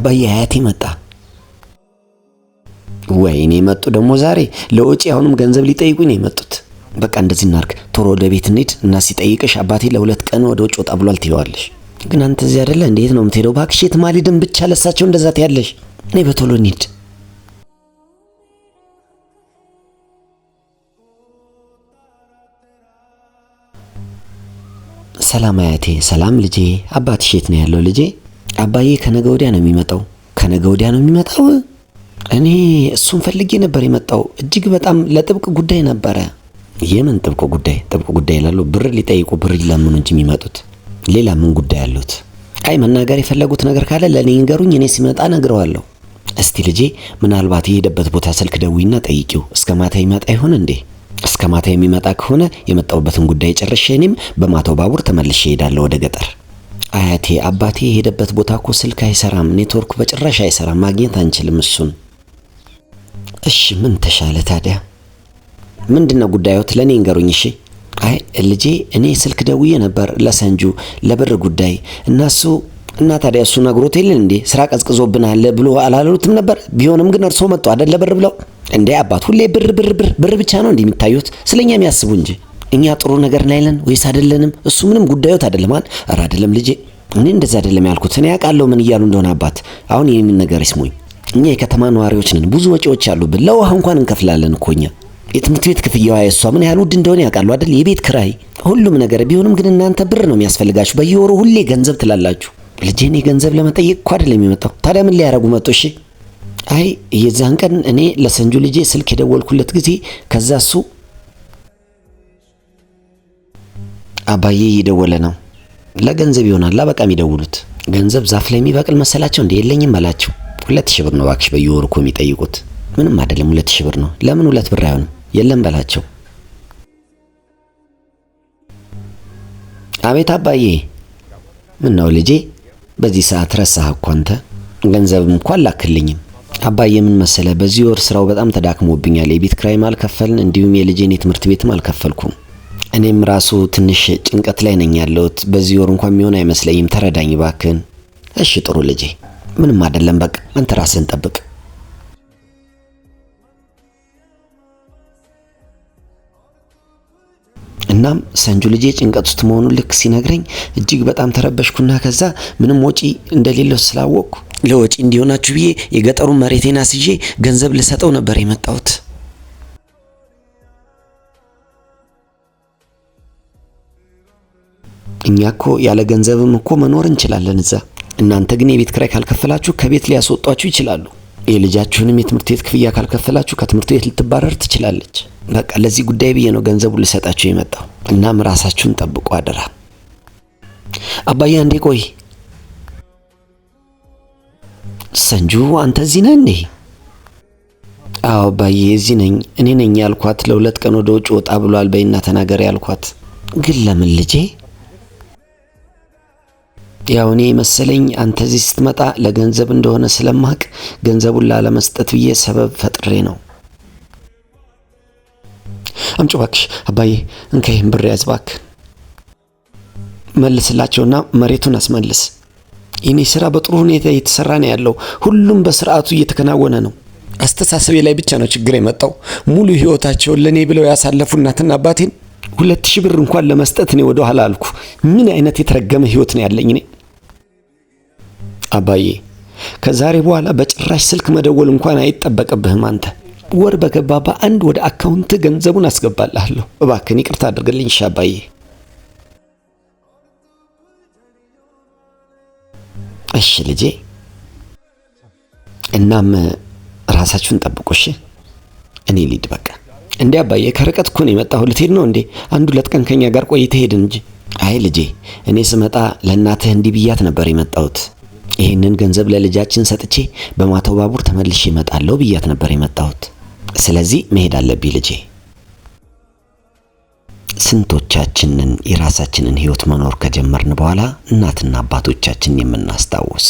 አባዬ አያቴ መጣ። ወይኔ መጡ ደግሞ ዛሬ ለወጪ አሁንም ገንዘብ ሊጠይቁኝ ነው የመጡት። በቃ እንደዚህ እናርግ፣ ቶሎ ወደ ቤት እንሂድ እና ሲጠይቅሽ አባቴ ለሁለት ቀን ወደ ውጭ ወጣ ብሏል ትለዋለሽ። ግን አንተ እዚህ አይደለ እንዴት ነው የምትሄደው? እባክሽ የትም አልሄድም ብቻ ለሳቸው እንደዛ ትያለሽ። እኔ በቶሎ እንሂድ ሰላም አያቴ፣ ሰላም ልጄ። አባትሽ የት ነው ያለው ልጄ? አባዬ ከነገ ወዲያ ነው የሚመጣው። ከነገ ወዲያ ነው የሚመጣው። እኔ እሱን ፈልጌ ነበር የመጣው። እጅግ በጣም ለጥብቅ ጉዳይ ነበረ። የምን ጥብቅ ጉዳይ? ጥብቅ ጉዳይ ይላሉ። ብር ሊጠይቁ ብር ሊለምኑ እንጂ የሚመጡት ሌላ ምን ጉዳይ አሉት? አይ መናገር የፈለጉት ነገር ካለ ለእኔ ይንገሩኝ፣ እኔ ሲመጣ ነግረዋለሁ። እስቲ ልጄ፣ ምናልባት የሄደበት ቦታ ስልክ ደዊና ጠይቂው። እስከ ማታ ይመጣ ይሆን እንዴ? እስከ ማታ የሚመጣ ከሆነ የመጣውበትን ጉዳይ ጨርሼ እኔም በማታው ባቡር ተመልሼ እሄዳለሁ ወደ ገጠር። አያቴ አባቴ የሄደበት ቦታ እኮ ስልክ አይሰራም፣ ኔትወርክ በጭራሽ አይሰራም፣ ማግኘት አንችልም እሱን። እሺ ምን ተሻለ ታዲያ? ምንድነው ጉዳዮት? ለእኔ እንገሩኝ። እሺ አይ ልጄ፣ እኔ ስልክ ደውዬ ነበር ለሰንጁ ለብር ጉዳይ እና እሱ እና ታዲያ እሱ ነግሮት የለን እንዴ? ስራ ቀዝቅዞብናል ብሎ አላሉትም ነበር? ቢሆንም ግን እርስዎ መጡ አደለ ብር ብለው? እንዴ አባት፣ ሁሌ ብር ብር ብር ብር ብቻ ነው እንዲህ የሚታዩት? ስለኛ የሚያስቡ እንጂ እኛ ጥሩ ነገር ላይለን ወይስ አይደለንም? እሱ ምንም ጉዳዮት አይደለም። ኧረ አይደለም ልጄ፣ እኔ እንደዛ አይደለም ያልኩት። እኔ ያውቃለሁ ምን እያሉ እንደሆነ አባት። አሁን ይህንን ነገር ይስሙኝ። እኛ የከተማ ነዋሪዎች ነን፣ ብዙ ወጪዎች አሉብን። ለውሃ እንኳን እንከፍላለን እኮ እኛ የትምህርት ቤት ክፍያዋ የእሷ ምን ያህል ውድ እንደሆነ ያውቃሉ አይደል? የቤት ክራይ፣ ሁሉም ነገር ቢሆንም ግን እናንተ ብር ነው የሚያስፈልጋችሁ። በየወሩ ሁሌ ገንዘብ ትላላችሁ። ልጄ እኔ ገንዘብ ለመጠየቅ እኮ አይደለም የሚመጣው። ታዲያ ምን ሊያደርጉ መጡ? እሺ አይ የዛን ቀን እኔ ለሰንጁ ልጄ ስልክ የደወልኩለት ጊዜ ከዛ እሱ አባዬ እየደወለ ነው። ለገንዘብ ይሆናል በቃ የሚደውሉት። ገንዘብ ዛፍ ላይ የሚበቅል መሰላቸው እንደ የለኝም በላቸው ሁለት ሺህ ብር ነው እባክሽ፣ በየወሩ እኮ የሚጠይቁት። ምንም አይደለም፣ ሁለት ሺህ ብር ነው። ለምን ሁለት ብር አይሆንም? የለም በላቸው። አቤት አባዬ። ምን ነው ልጄ፣ በዚህ ሰዓት ረሳህ እኮ አንተ። ገንዘብም እኮ አላክልኝም። አባዬ ምን መሰለ፣ በዚህ ወር ስራው በጣም ተዳክሞብኛል። የቤት ክራይም አልከፈልን፣ እንዲሁም የልጄን የትምህርት ቤትም አልከፈልኩም። እኔም ራሱ ትንሽ ጭንቀት ላይ ነኝ ያለሁት። በዚህ ወር እንኳን የሚሆን አይመስለኝም። ተረዳኝ ባክን። እሺ ጥሩ ልጄ፣ ምንም አይደለም። በቃ አንተ ራስህን ጠብቅ። እናም ሰንጁ ልጄ ጭንቀት ውስጥ መሆኑን ልክ ሲነግረኝ እጅግ በጣም ተረበሽኩና ከዛ ምንም ወጪ እንደሌለው ስላወቅኩ ለወጪ እንዲሆናችሁ ብዬ የገጠሩን መሬቴን አስዤ ገንዘብ ልሰጠው ነበር የመጣሁት። እኛ እኮ ያለ ገንዘብም እኮ መኖር እንችላለን እዛ። እናንተ ግን የቤት ክራይ ካልከፈላችሁ ከቤት ሊያስወጧችሁ ይችላሉ። የልጃችሁንም የትምህርት ቤት ክፍያ ካልከፈላችሁ ከትምህርት ቤት ልትባረር ትችላለች። በቃ ለዚህ ጉዳይ ብዬ ነው ገንዘቡ ልሰጣችሁ የመጣው። እናም ራሳችሁን ጠብቁ አደራ። አባዬ አንዴ ቆይ ሰንጁ፣ አንተ እዚህ ነህ እንዴ? አዎ አባዬ እዚህ ነኝ። እኔ ነኝ ያልኳት ለሁለት ቀን ወደ ውጭ ወጣ ብሏል በይና ተናገር ያልኳት። ግን ለምን ልጄ ያው እኔ መሰለኝ አንተ እዚህ ስትመጣ ለገንዘብ እንደሆነ ስለማቅ ገንዘቡን ላለመስጠት ብዬ ሰበብ ፈጥሬ ነው። አምጪ እባክሽ አባዬ፣ እንከይህም ብር ያዝ መልስላቸውና መሬቱን አስመልስ። የኔ ስራ በጥሩ ሁኔታ እየተሰራ ነው ያለው። ሁሉም በስርዓቱ እየተከናወነ ነው። አስተሳሰቤ ላይ ብቻ ነው ችግር የመጣው። ሙሉ ህይወታቸውን ለእኔ ብለው ያሳለፉ እናትና አባቴን ሁለት ሺህ ብር እንኳን ለመስጠት እኔ ወደ ኋላ አልኩ። ምን አይነት የተረገመ ህይወት ነው ያለኝ እኔ አባዬ ከዛሬ በኋላ በጭራሽ ስልክ መደወል እንኳን አይጠበቅብህም። አንተ ወር በገባ በአንድ ወደ አካውንት ገንዘቡን አስገባልሃለሁ። እባክን ይቅርታ አድርግልኝ። እሺ አባዬ። እሺ ልጄ። እናም ራሳችሁን ጠብቁሽ። እኔ ልሂድ በቃ። እንዴ አባዬ፣ ከርቀት እኮ ነው የመጣሁ። ልትሄድ ነው እንዴ? አንድ ሁለት ቀን ከኛ ጋር ቆይተህ ሄድን እንጂ። አይ ልጄ፣ እኔ ስመጣ ለእናትህ እንዲህ ብያት ነበር የመጣሁት ይህንን ገንዘብ ለልጃችን ሰጥቼ በማተው ባቡር ተመልሼ እመጣለሁ ብያት ነበር የመጣሁት። ስለዚህ መሄድ አለብኝ ልጄ። ስንቶቻችንን የራሳችንን ህይወት መኖር ከጀመርን በኋላ እናትና አባቶቻችን የምናስታውስ